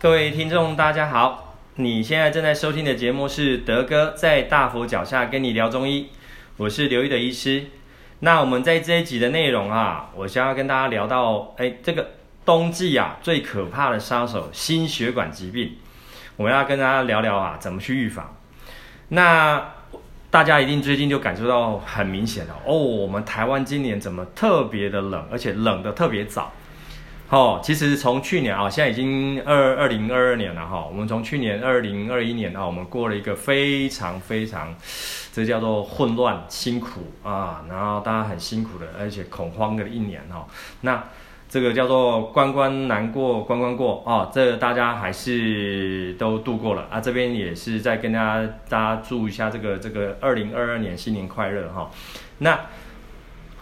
各位聽眾，大家好！你現在正在收聽的節目是德哥在大佛腳下跟你聊中醫，我是劉玉的醫師。那我們在這一集的內容啊，我將要跟大家聊到，哎，這個冬季啊最可怕的殺手——心血管疾病，我要跟大家聊聊啊怎麼去預防。那大家一定最近就感受到很明顯的哦，我們台灣今年怎麼特別的冷，而且冷得特別早。哦，其實從去年啊、哦，現在已經二二零二二年了哈、哦。我們從去年二零二一年啊、哦，我們過了一個非常非常，這個、叫做混亂、辛苦啊，然後大家很辛苦的，而且恐慌的一年哈、哦。那這個叫做關關難過關關過啊、哦。這個、大家還是都度過了啊。這邊也是在跟大家大家祝一下這個這個二零二二年新年快樂哈、哦。那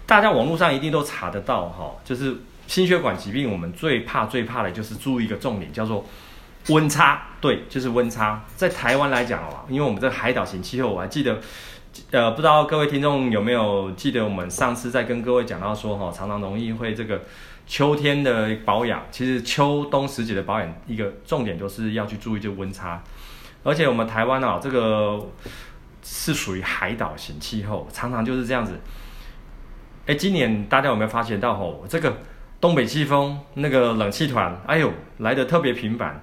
大家網絡上一定都查得到哈、哦，就是。心血管疾病，我們最怕最怕的就是注意一個重點，叫做溫差。對，就是溫差。在台灣來講哦，因為我們這海島型氣候，我還記得，呃，不知道各位聽眾有沒有記得，我們上次在跟各位講到說，哦，常常容易會這個秋天的保養，其實秋冬時節的保養一個重點，就是要去注意這溫差。而且我們台灣啊，這個是屬於海島型氣候，常常就是這樣子。哎，今年大家有沒有發覺到哈，這個？東北季風那個冷氣團，哎呦，來得特別頻繁。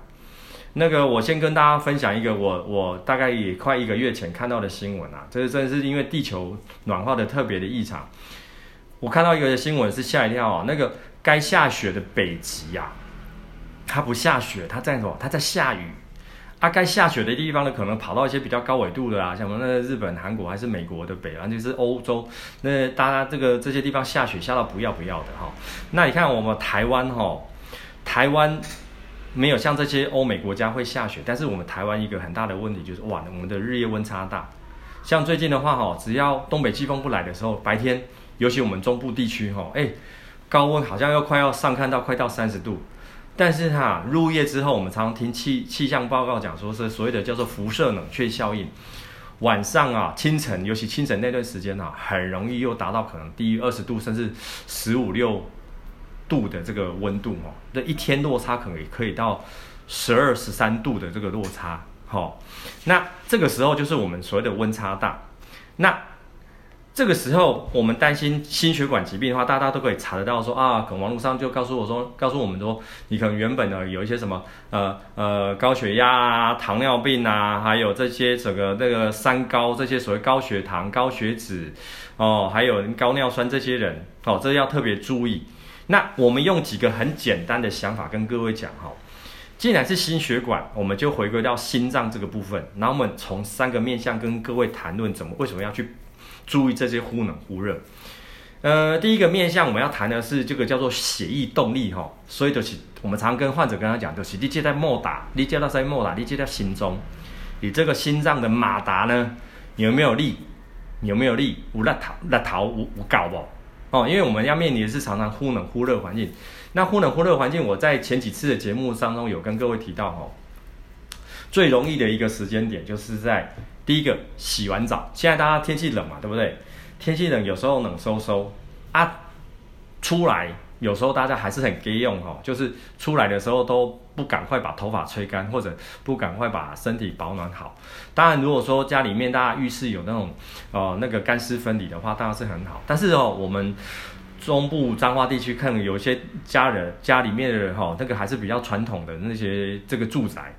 那個，我先跟大家分享一個我我大概也快一個月前看到的新聞啊，這真的是因為地球暖化的特別的異常。我看到一個新聞是嚇一跳啊，那個該下雪的北極呀，啊，它不下雪，它在什麼？它在下雨。它、啊、該下雪的地方呢，可能跑到一些比較高緯度的啊，像我們那個日本、韓國還是美國的北岸，就是歐洲，那大家這個這些地方下雪下到不要不要的哈。那你看我們台灣哈，台灣沒有像這些歐美國家會下雪，但是我們台灣一個很大的問題就是哇，我們的日夜溫差大。像最近的話哈，只要東北季風不來的時候，白天尤其我們中部地區哈，誒，高溫好像要快要上看到快到三十度。但是哈，入夜之後，我們常常聽氣氣象報告講說是所謂的叫做輻射冷卻效應。晚上啊，清晨，尤其清晨那段時間啊，很容易又達到可能低於二十度，甚至十五六度的這個溫度哦。那一天落差可能也可以到十二十三度的這個落差，哦，那這個時候就是我們所謂的溫差大。那這個時候，我們擔心心血管疾病的話，大家都可以查得到說。說啊，可能網絡上就告訴我說，告訴我們說，你可能原本呢有一些什麼，呃呃，高血壓啊，糖尿病啊，還有這些整個那個三高，這些所謂高血糖、高血脂，哦，還有高尿酸，這些人，哦，這要特別注意。那我們用幾個很簡單的想法跟各位講哈。既然是心血管，我們就回歸到心臟這個部分。然後我們從三個面向跟各位談論怎麼為什麼要去。注意這些忽冷忽熱，呃，第一個面向我們要談的是這個叫做血液動力哈，所以就是我們常跟患者跟他講，就是你接到末打，你接到在末打，你接到心中，你這個心臟的馬達呢？你有沒有力？你有沒有力？有沒有，有力？無那逃那逃無無搞不哦，因為我們要面臨的是常常忽冷忽熱環境。那忽冷忽熱環境，我在前幾次的節目當中有跟各位提到哈，最容易的一個時間點就是在。第一個，洗完澡，現在大家天氣冷嘛，對不對？天氣冷，有時候冷颼颼，啊，出來有時候大家還是很假勇哦，就是出來的時候都不趕快把頭髮吹乾，或者不趕快把身體保暖好。當然，如果說家裡面大家浴室有那種呃那個乾濕分離的話，當然是很好。但是哦，我們中部彰化地區可能有些家人家裡面的人哈、哦，那個還是比較傳統的那些這個住宅。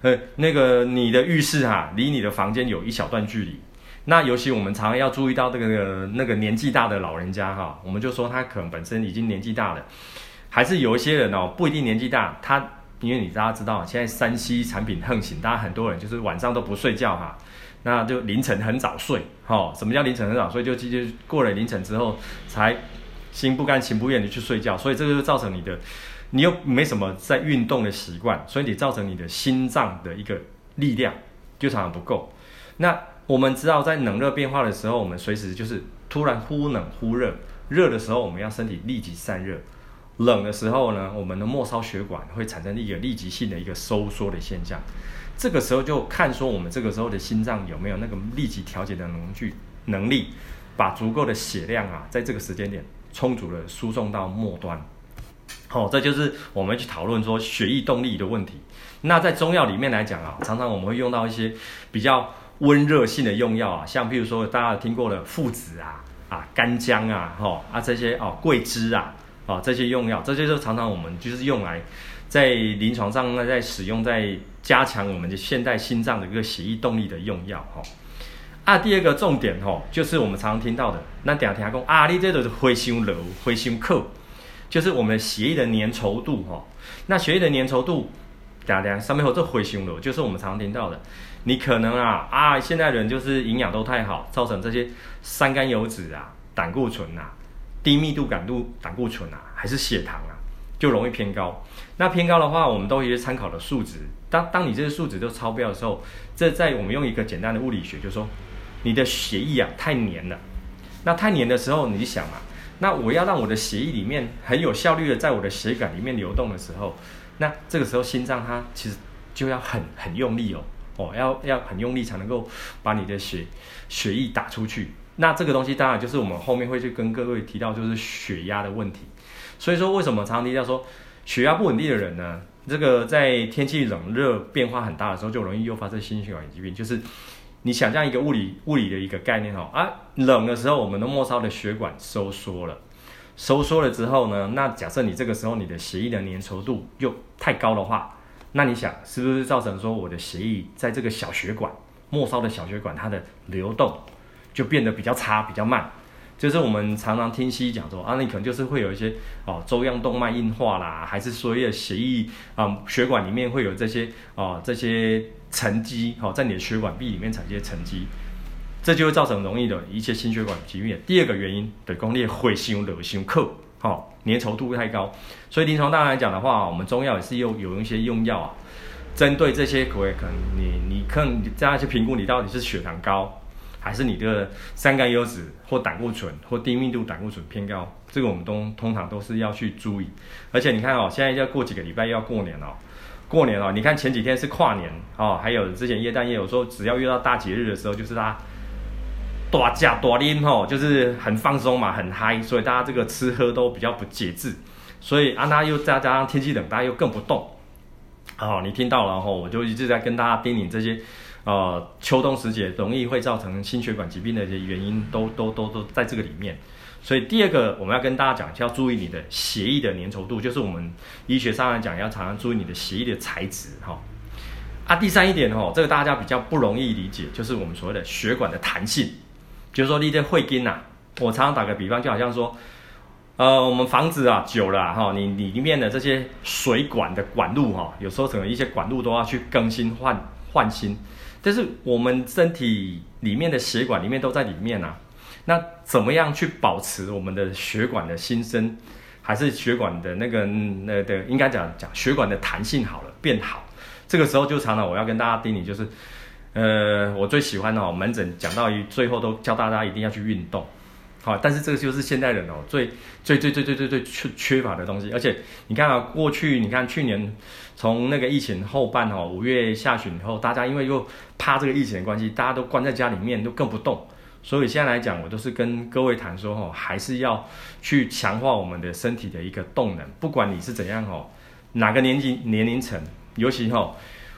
呃、嗯，那個你的浴室哈、啊，離你的房間有一小段距離。那尤其我們常常要注意到這、那個那個年紀大的老人家哈、啊，我們就說他可能本身已經年紀大了，還是有一些人哦，不一定年紀大，他因為你大家知道，知道現在 3C 產品橫行，大家很多人就是晚上都不睡覺哈、啊，那就凌晨很早睡，哈、哦，什麼叫凌晨很早睡？就就過了凌晨之後才心不甘情不願的去睡覺，所以這個就造成你的。你又沒什麼在運動的習慣，所以你造成你的心臟的一個力量就常常不夠。那我們知道，在冷熱變化的時候，我們隨時就是突然忽冷忽熱，熱的時候我們要身體立即散熱，冷的時候呢，我們的末梢血管會產生一個立即性的一個收縮的現象。這個時候就看說我們這個時候的心臟有沒有那個立即調節的能具能力，把足夠的血量啊，在這個時間點充足的輸送到末端。好、哦，這就是我們去討論說血液動力的問題。那在中藥裡面來講啊，常常我們會用到一些比較溫熱性的用藥啊，像譬如說大家聽過的附子啊、啊乾薑啊、哈、哦、啊這些哦、啊、桂枝啊、哦、啊、這些用藥，這些就常常我們就是用來在臨床上呢在使用，在加強我們的現代心臟的一個血液動力的用藥哈。啊，第二個重點哈、哦，就是我們常常聽到的，那頂下聽講啊，你這都是灰心樓、灰心口。就是我們血液的粘稠度哈、哦，那血液的粘稠度，大家上面有這灰胸的就是我們常常聽到的。你可能啊啊，現在人就是營養都太好，造成這些三甘油脂啊、膽固醇吶、啊、低密度感度膽固醇吶、啊，還是血糖啊，就容易偏高。那偏高的話，我們都有一些參考的數值。當當你這些數值都超標的時候，這在我們用一個簡單的物理學，就是說你的血液啊太粘了。那太粘的時候，你就想嘛、啊？那我要讓我的血液裡面很有效率的在我的血管裡面流動的時候，那這個時候心臟它其實就要很很用力哦，哦要要很用力才能夠把你的血血液打出去。那這個東西當然就是我們後面會去跟各位提到就是血壓的問題。所以說為什麼常常提到說血壓不穩定的人呢？這個在天氣冷熱變化很大的時候就容易誘發這心血管疾病，就是。你想象一個物理物理的一個概念哦，啊，冷的時候我們的末梢的血管收縮了，收縮了之後呢，那假設你這個時候你的血液的粘稠度又太高的話，那你想是不是造成說我的血液在這個小血管，末梢的小血管它的流動就變得比較差，比較慢？就是我們常常聽西醫講說啊，那你可能就是會有一些哦，粥樣動脈硬化啦，還是說一些血液啊、嗯，血管裡面會有這些哦，這些沉積哈，在你的血管壁裡面產生些沉積，這就會造成容易的一些心血管疾病。第二個原因，就是，的攻略，會先惹先克，哦，粘稠度太高。所以臨床上當然來講的話，我們中藥也是有有一些用藥啊，針對這些可能你你可能這樣去評估你到底是血糖高。還是你的三甘油酯或膽固醇或低密度膽固醇偏高，這個我們都通常都是要去注意。而且你看哦，現在要過幾個禮拜又要過年了，哦，過年哦，你看前幾天是跨年哦，還有之前元旦夜，有時候只要遇到大節日的時候，就是大家多加多拎哦，就是很放鬆嘛，很嗨，所以大家這個吃喝都比較不節制，所以啊，那又再加上天氣冷，大家又更不動。好，哦，你聽到了哈，哦，我就一直在跟大家叮嚀這些。呃，秋冬時節容易會造成心血管疾病的一些原因，都都都都在這個裡面。所以第二個，我們要跟大家講，要注意你的血液的粘稠度，就是我們醫學上來講，要常常注意你的血液的材質，哈、哦。啊，第三一點哦，這個大家比較不容易理解，就是我們所謂的血管的彈性。就是說你的血管吶、啊，我常常打個比方，就好像說，呃，我們房子啊久了、啊，哈，你裡面的這些水管的管路，哈、哦，有時候可能一些管路都要去更新換換新。但是我們身體裡面的血管裡面都在裡面吶、啊,那怎麼樣去保持我們的血管的新生，還是血管的那個、嗯、那的，應該講講血管的彈性好了變好，這個時候就常常我要跟大家叮嚀就是，呃，我最喜歡的哦，門診講到一最後都教大家一定要去運動。啊，但是這個就是現代人哦，最最最最最最最缺、缺乏的東西。而且你看啊，過去你看去年從那個疫情後半哦，五月下旬以後，大家因為又怕這個疫情的關係，大家都關在家裡面都更不動。所以現在來講，我都是跟各位談說哈，還是要去強化我們的身體的一個動能。不管你是怎樣哦，哪個年紀年齡層，尤其哈，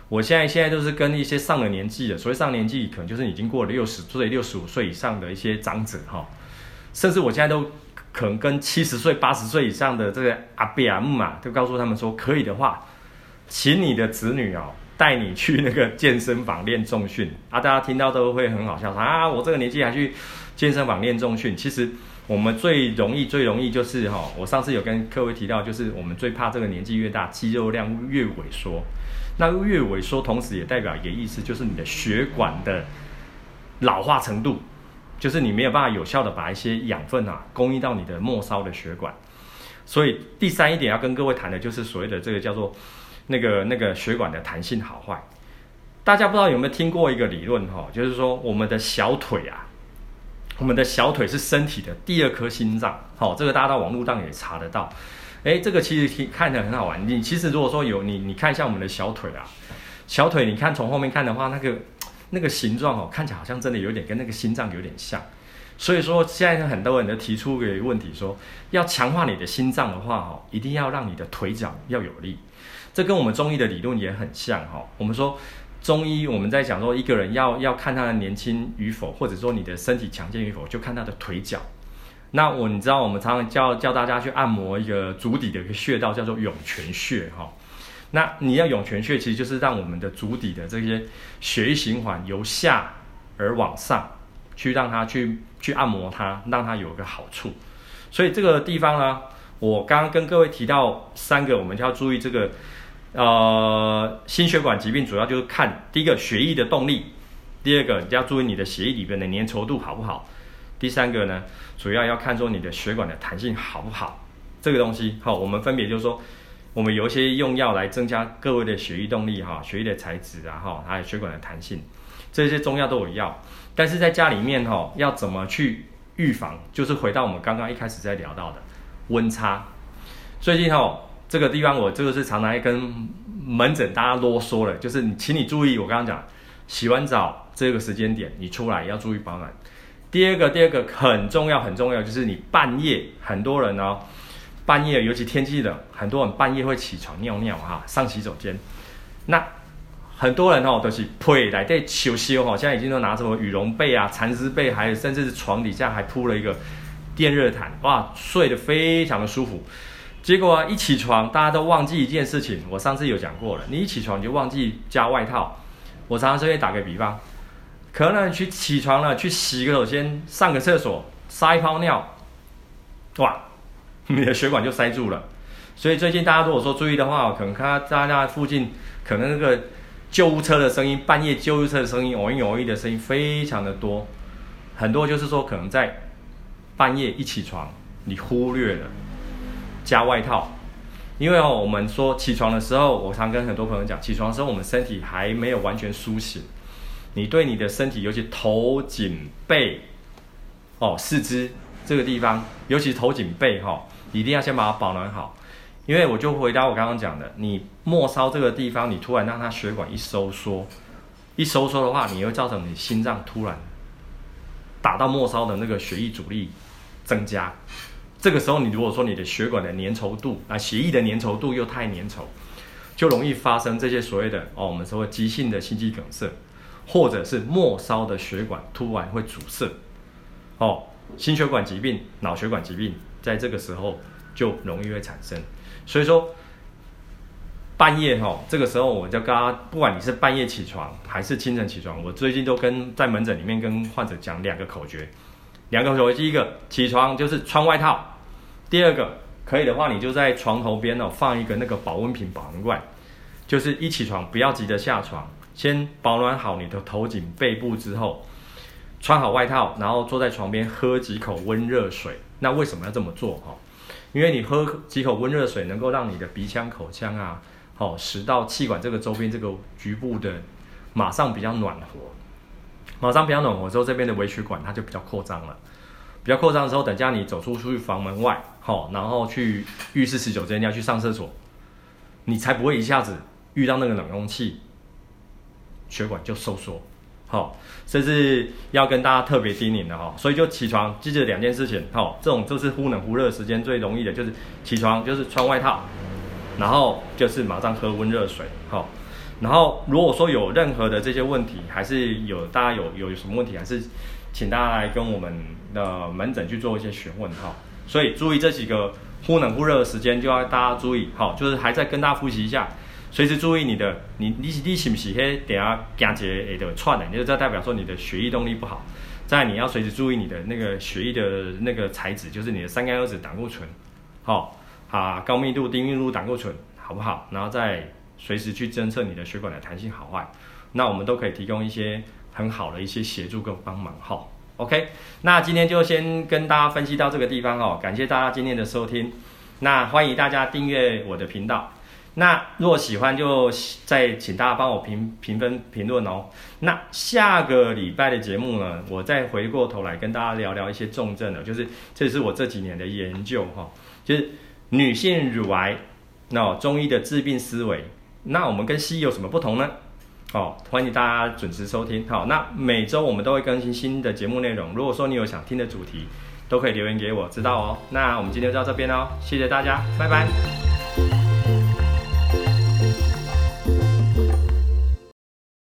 我現在現在都是跟一些上了年紀的，所謂上年紀可能就是已經過了六十歲、六十五歲以上的一些長者哈。甚至我現在都可能跟七十歲、八十歲以上的這個阿伯阿嬤嘛，都告訴他們說，可以的話，請你的子女哦、喔，帶你去那個健身房練重訓啊。大家聽到都會很好笑說，說啊，我這個年紀還去健身房練重訓。其實我們最容易、最容易就是哈、喔，我上次有跟各位提到，就是我們最怕這個年紀越大，肌肉量越萎縮。那越萎縮，同時也代表也意思就是你的血管的老化程度。就是你沒有辦法有效的把一些養分啊供應到你的末梢的血管，所以第三一點要跟各位談的就是所謂的這個叫做那個那個血管的彈性好壞。大家不知道有沒有聽過一個理論哈、哦，就是說我們的小腿啊，我們的小腿是身體的第二顆心臟，好、哦，這個大家到網絡上也查得到。誒，這個其實看得很好玩，你其實如果說有你你看一下我們的小腿啊，小腿你看從後面看的話那個那個形狀哦，看起來好像真的有點跟那個心臟有點像，所以說現在很多人都提出一個問題說，要強化你的心臟的話哦，一定要讓你的腿腳要有力，這跟我們中醫的理論也很像哈。我們說中醫我們在講說一個人要要看他的年輕與否，或者說你的身體強健與否，就看他的腿腳。那我你知道我們常常叫叫大家去按摩一個足底的一個穴道叫做湧泉穴哈。那你要湧泉穴，其實就是讓我們的足底的這些血液循環由下而往上去，去，讓它去去按摩它，讓它有個好處。所以這個地方呢，我剛剛跟各位提到三個，我們就要注意這個，呃，心血管疾病主要就是看第一個血液的動力，第二個你就要注意你的血液裡邊的粘稠度好不好，第三個呢，主要要看說你的血管的彈性好不好。這個東西好，我們分別就是說。我們有一些用藥來增加各位的血液動力哈，血液的材質啊，還有血管的彈性，這些中藥都有藥。但是在家裡面哈，要怎麼去預防？就是回到我們剛剛一開始在聊到的溫差。最近哈，這個地方我這個是常常跟門診大家囉嗦的，就是你，請你注意，我剛剛講洗完澡這個時間點，你出來要注意保暖。第二個，第二個很重要，很重要，就是你半夜很多人哦。半夜，尤其天氣冷，很多人半夜會起床尿尿哈、啊，上洗手間。那很多人哦，都、就是回來在休息哦，現在已經都拿什麼羽絨被啊、蠶絲被，還有甚至是床底下還鋪了一個電熱毯，哇，睡得非常的舒服。結果、啊、一起床，大家都忘記一件事情，我上次有講過了，你一起床你就忘記加外套。我常常說，打個比方，可能去起床了，去洗個手先，上個廁所，撒一泡尿，哇！你的血管就塞住了，所以最近大家如果說注意的話，可能看到在附近，可能那個救護車的聲音，半夜救護車的聲音、o，偶一偶一的聲音非常的多，很多就是說可能在半夜一起床，你忽略了加外套，因為哦，我們說起床的時候，我常跟很多朋友講，起床的時候我們身體還沒有完全甦醒，你對你的身體，尤其頭頸背哦四肢這個地方，尤其頭頸背哈。一定要先把它保暖好，因為我就回答我剛剛講的，你末梢這個地方，你突然讓它血管一收縮，一收縮的話，你會造成你心臟突然打到末梢的那個血液阻力增加。這個時候，你如果說你的血管的粘稠度啊，血液的粘稠度又太粘稠，就容易發生這些所謂的哦，我們說急性的心肌梗塞，或者是末梢的血管突然會阻塞，哦，心血管疾病、腦血管疾病。在這個時候就容易會產生，所以說半夜哈、哦，這個時候我就跟大家，不管你是半夜起床還是清晨起床，我最近都跟在門診裡面跟患者講兩個口訣，兩個口訣，第一個起床就是穿外套，第二個可以的話，你就在床頭邊哦放一個那個保溫瓶、保溫罐，就是一起床不要急着下床，先保暖好你的頭頸背部之後，穿好外套，然後坐在床邊喝幾口溫熱水。那為什麼要這麼做哈？因為你喝幾口溫熱水，能夠讓你的鼻腔、口腔啊，哦，食道、氣管這個週邊這個局部的，馬上比較暖和，馬上比較暖和之後，這邊的微血管它就比較擴張了，比較擴張的時候，等下你走出出去房門外，好，然後去浴室洗手間，要去上廁所，你才不會一下子遇到那個冷空氣，血管就收縮。好，這是要跟大家特別叮嚀的哈，所以就起床記着兩件事情，哈，這種就是忽冷忽熱的時間最容易的，就是起床就是穿外套，然後就是馬上喝溫熱水，哈，然後如果說有任何的這些問題，還是有大家有有什麼問題，還是請大家來跟我們的門診去做一些詢問，哈，所以注意這幾個忽冷忽熱的時間就要大家注意，好，就是還在跟大家複習一下。隨時注意你的，你你是你是不是迄等下驚在下頭竄你就是這，代表說你的血液動力不好。再你要隨時注意你的那個血液的那個材質，就是你的三酸甘油酯、膽固醇，好、哦、啊，高密度低密度膽固醇好不好？然後再隨時去偵測你的血管的彈性好壞。那我們都可以提供一些很好的一些協助跟幫忙哈、哦。OK，那今天就先跟大家分析到這個地方哦，感謝大家今天的收聽。那歡迎大家訂閱我的頻道。那如果喜歡，就再請大家幫我評評分、評論哦。那下個禮拜的節目呢，我再回過頭來跟大家聊聊一些重症的，就是這是我這幾年的研究哈、哦，就是女性乳癌，那、哦、中醫的治病思維，那我們跟西醫有什麼不同呢？好、哦，歡迎大家準時收聽。好、哦，那每週我們都會更新新的節目內容。如果說你有想聽的主題，都可以留言給我知道哦。那我們今天就到這邊哦，謝謝大家，拜拜。